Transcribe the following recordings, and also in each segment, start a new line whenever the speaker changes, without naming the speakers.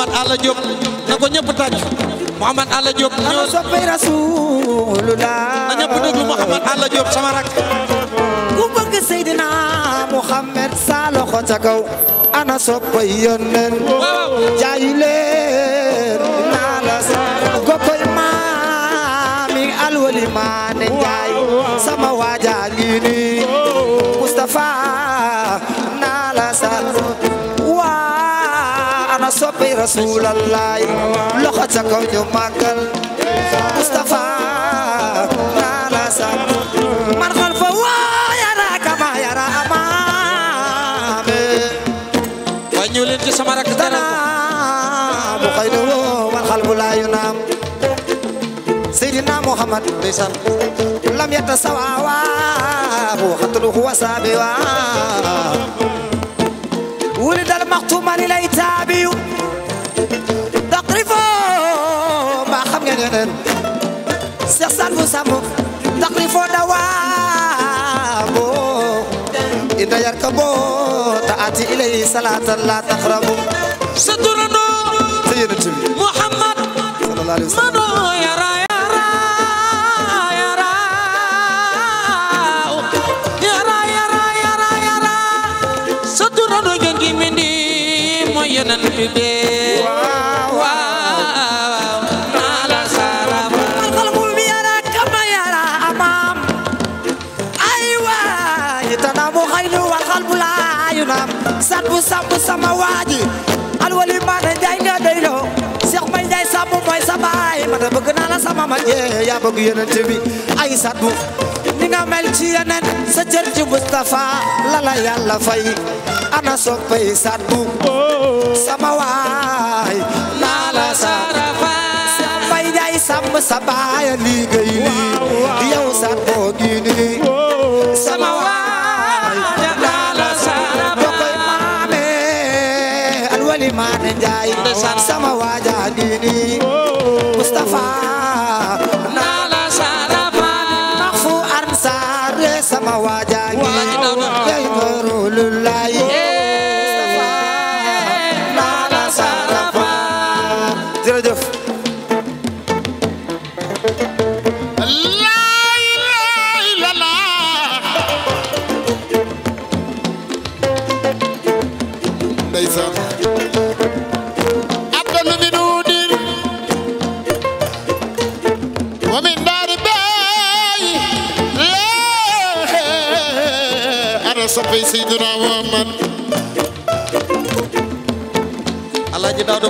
Mouhamad Alla Diop na ko ñëpp tàcc Mouhamad Alla Diop ñoo soppay Rasulullah na ñëpp déglu Mouhamad Alla Diop sama rak ku bëgg Seydina
Mouhamad sa loxo ca kaw ana soppay yónneen jaayu leen naa la gokoy maami alwali maa ne njaay sama waaja ngi nii oh. Moustapha rasuulallaay loxo ca kaw ñu màggal Mustafa
naana sax
man xal fa waa yara kama yara
amaame way ñu leen ci sama rakk dana
bu xay na woo man xal bu laayu naam Seydina Muhammad ndeysaan lam yetta sawa waa bu xatulu huwa saabi waa wuli dal maxtuuma ni lay taabiyu xalifa mbaa xam ngeen yeneen Seex Saal bu sàmm taxrifo dawaabu inda yarkabu taati ilayhi salatan la taxrabu sa turando
sa yeneen bi Muhammad sallallahu alayhi wa sallam today.
at bu sàmm sama waaji alwali maana njaay nga doyloo Cheikh Mbaye Njaay sàmm mooy sa baay ma bëgg naa la sama ma jee yaa bëgg yonent bi ay sat bu ni nga mel ci yeneen sa cër ci Moustapha la la yàlla fay ana soppay sat bu sama waay naa la sarafa Cheikh Mbaye Njaay sàmm sa baay liggéey lii yow sat boo gii nii Mané Njaay sama waaja diini Mustafa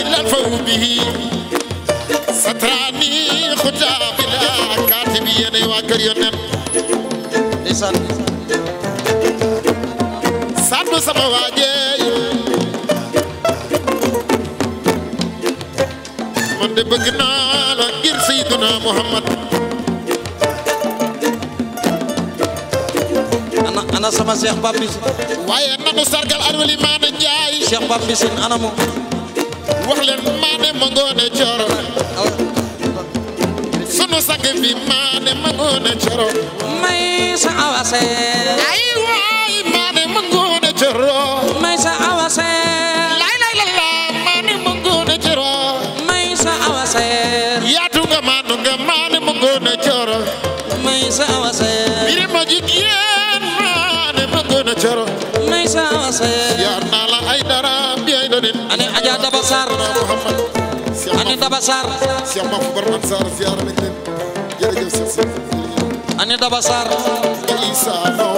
إلا الفو به ستراني خطا بلا كاتبين وكر ينن لسان سانو سما واجي من دي بغنا لا غير سيدنا محمد انا انا سما شيخ بابيس واي نانو سرغال ارولي ما نجاي شيخ بابيس انا مو wax leen maane ma ngoone coro sunu sang bi maane ma ngoone coro may sa awase ay waay maane ma ngoone coro may sa awase lay lay la la maane ma ngoone coro may sa awase yaatu nga maanu nga maane ma ngoone coro may sa awase biri ma jigéen maane ma ngoone coro may sa awase yaa daba saar ani daba saar Cheikh Mahfou Barman Sarr ziar nañ leen jërëjëf si ani daba saar Isa no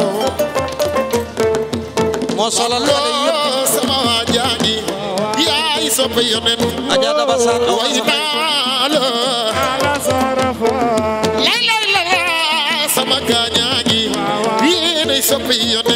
moo solal xale yëpp sama jaani yaay soppe yonen aja daba saar way naa la ala sarafa lay lay la sama gaañaagi yéenay soppe yonen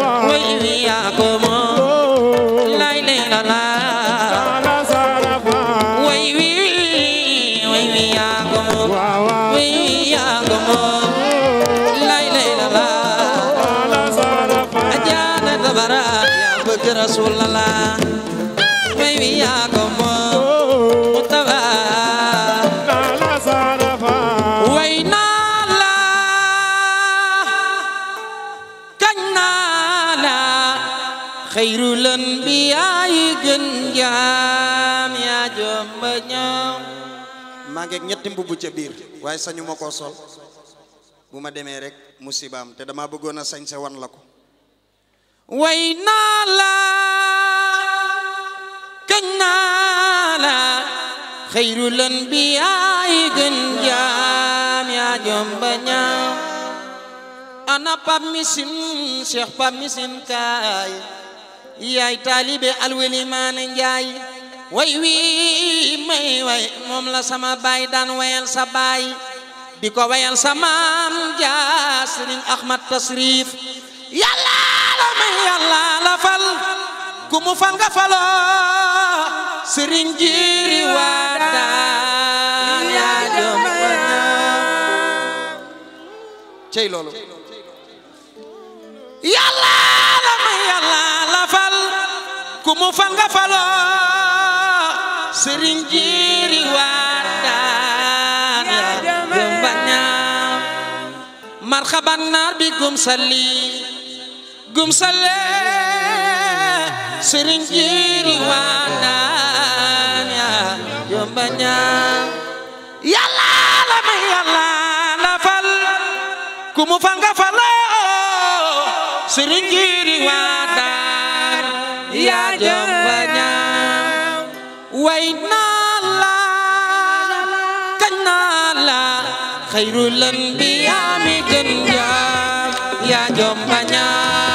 rasulallah way wi yaa ko moom mutaba naa la sarafa way naa la kañ naa la xayrul anbiyaa yi gën jaam
yaa jomba ñëw maa ngeeg ñetti mbubb ca biir waaye sañu ma koo sol bu ma demee rek musibaam te dama bëggoon a sañse wan la ko
way naa la xayrul anbiyaa yi gën jaam yaa jomba ñaaw ana pap misin cheikh pap misin kaay yaay taalibe alweli maane njaay way wii may way moom sama baay daan wayal sa baay di ko wayal sa maam jaa sëriñ ahmad tasrif yàlla la may yàlla la fal ku mu fal nga sëriñ jiiri waa daan yaa gëm cey loolu yàlla la ma yàlla la fal ku mu fal nga faloo sëriñ jiiri waa daan yaa gëm bañaam marxaban naar bi gum salli gum salli sëriñ jiiri waa daan ku mu fal nga faloo sëriñ jiiri waa daar
yaa jom ba
ñaam way naa la kañ naa la xayrul anbiyaa mi gën jaam yaa jom ba ñaam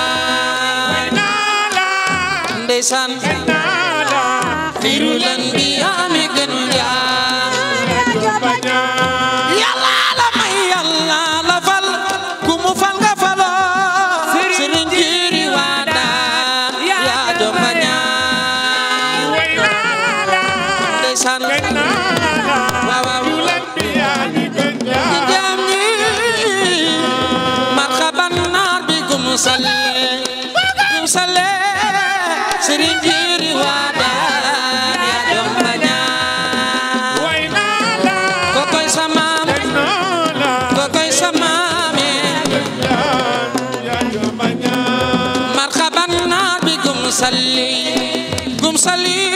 صلي قم صلي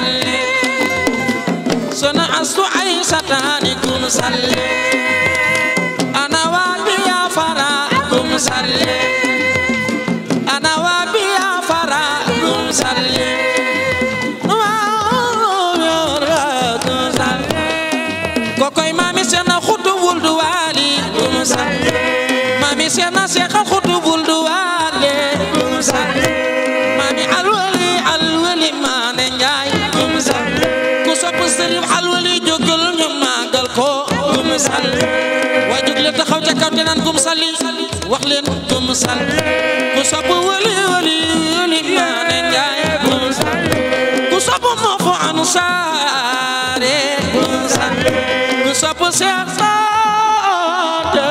salli soxna astu ay sataani kum salli ana waa bi yaa fara kum salli ana waa bi yaa fara kum salli kokoy maami seen na xutu wul du waali kum salli maami seen na seexa waa jóg leen taxaw ca kaw te naan kum salli wax leen salli ku sopp wali maa ne njaay kum salli ku moo fo anu saare kum salli ku sopp seex saate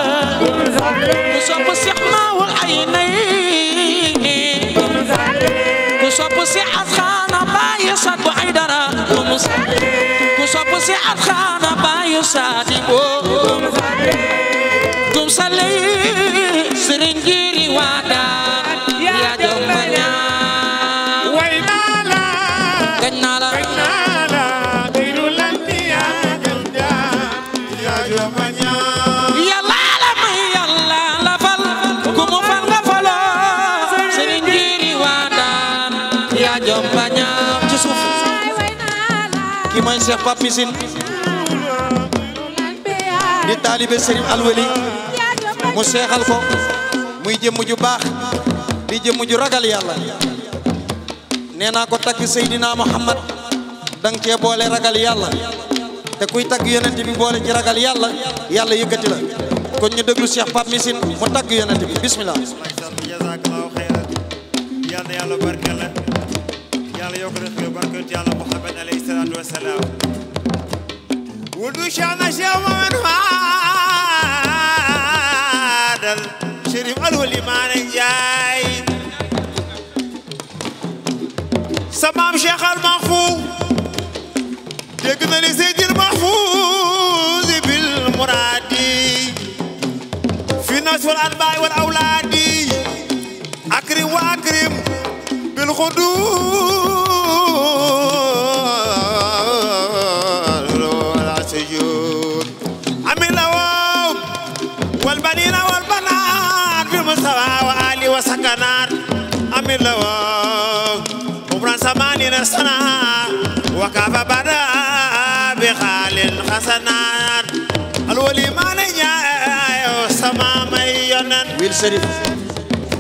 kum bu ay dara kum salli saatiboo gum sale sëriñ jiri waadaan yaa jomba ñaan way naa la gañ naa la gañ naa la biru landi yaa la may yàlla la fal ku mu fal nga faloo sëriñ jiri waadaan yaa jomba ñaan ci suuf ki mooy Seex
taalibe Serigne Alwali mu seexal ko muy jëmm ju baax di jëmm ju ragal yàlla nee naa ko takk Seydina Muhammad danga cee boole ragal yàlla te kuy tagg yonent bi boole ci ragal yàlla yàlla yëkkati la kon ñu déglu Cheikh Pape Missine mu tagg yonent bi bismillah jazakallahu xayran yal
ودوشانا شاوما من هادل شريف الولي مانك جاي سمام شيخ المغفور دقنا لسيد المحفوظ بالمرادي في ناس والأنباء والأولاد أكرم وأكرم بالخدود wa sanganaat amin la woo umran samaani na sanaat wa kaafa badaa bi xaalin xasanaat alwali maana ñaayo sama may yonan wil Serif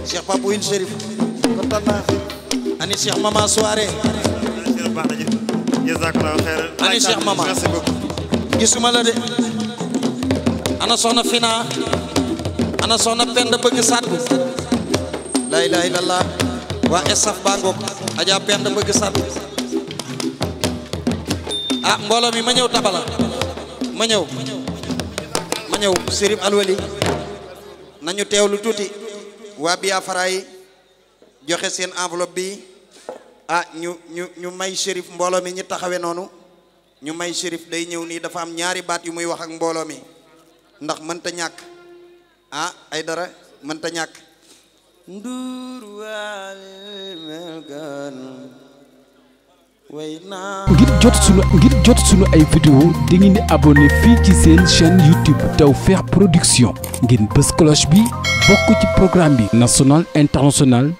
Cheikh Pape wil Serif kontaan naa ani Cheikh Mama soirée jazakallahu xeyran ani Cheikh Mama merci beaucoup gisuma la de ana soxna Fina ana soxna Penda bëgg Sadbu laa ilaaha illallah waa estaf baa ngoog Adja Penda mbëgg sànn ah mbooloo mi ma ñëw tabala ma ñëw ma ñëw Sérif Alwali nañu teewlu tuuti waa Biafra yi joxe seen enveloppe bi ah ñu ñu ñu may Sérif mbooloo mi ñu taxawee noonu ñu may Sérif day ñëw nii dafa am ñaari baat yu muy wax ak mbooloo mi ndax mënta ñàkk ah ay dara mënta ñàkk ngir
jot sunu ngir jot sunu ay vidéo di ngeen di abonné fii ci seen chaîne YouTube feex Production ngeen bës cloche bi bokk ci programme bi national international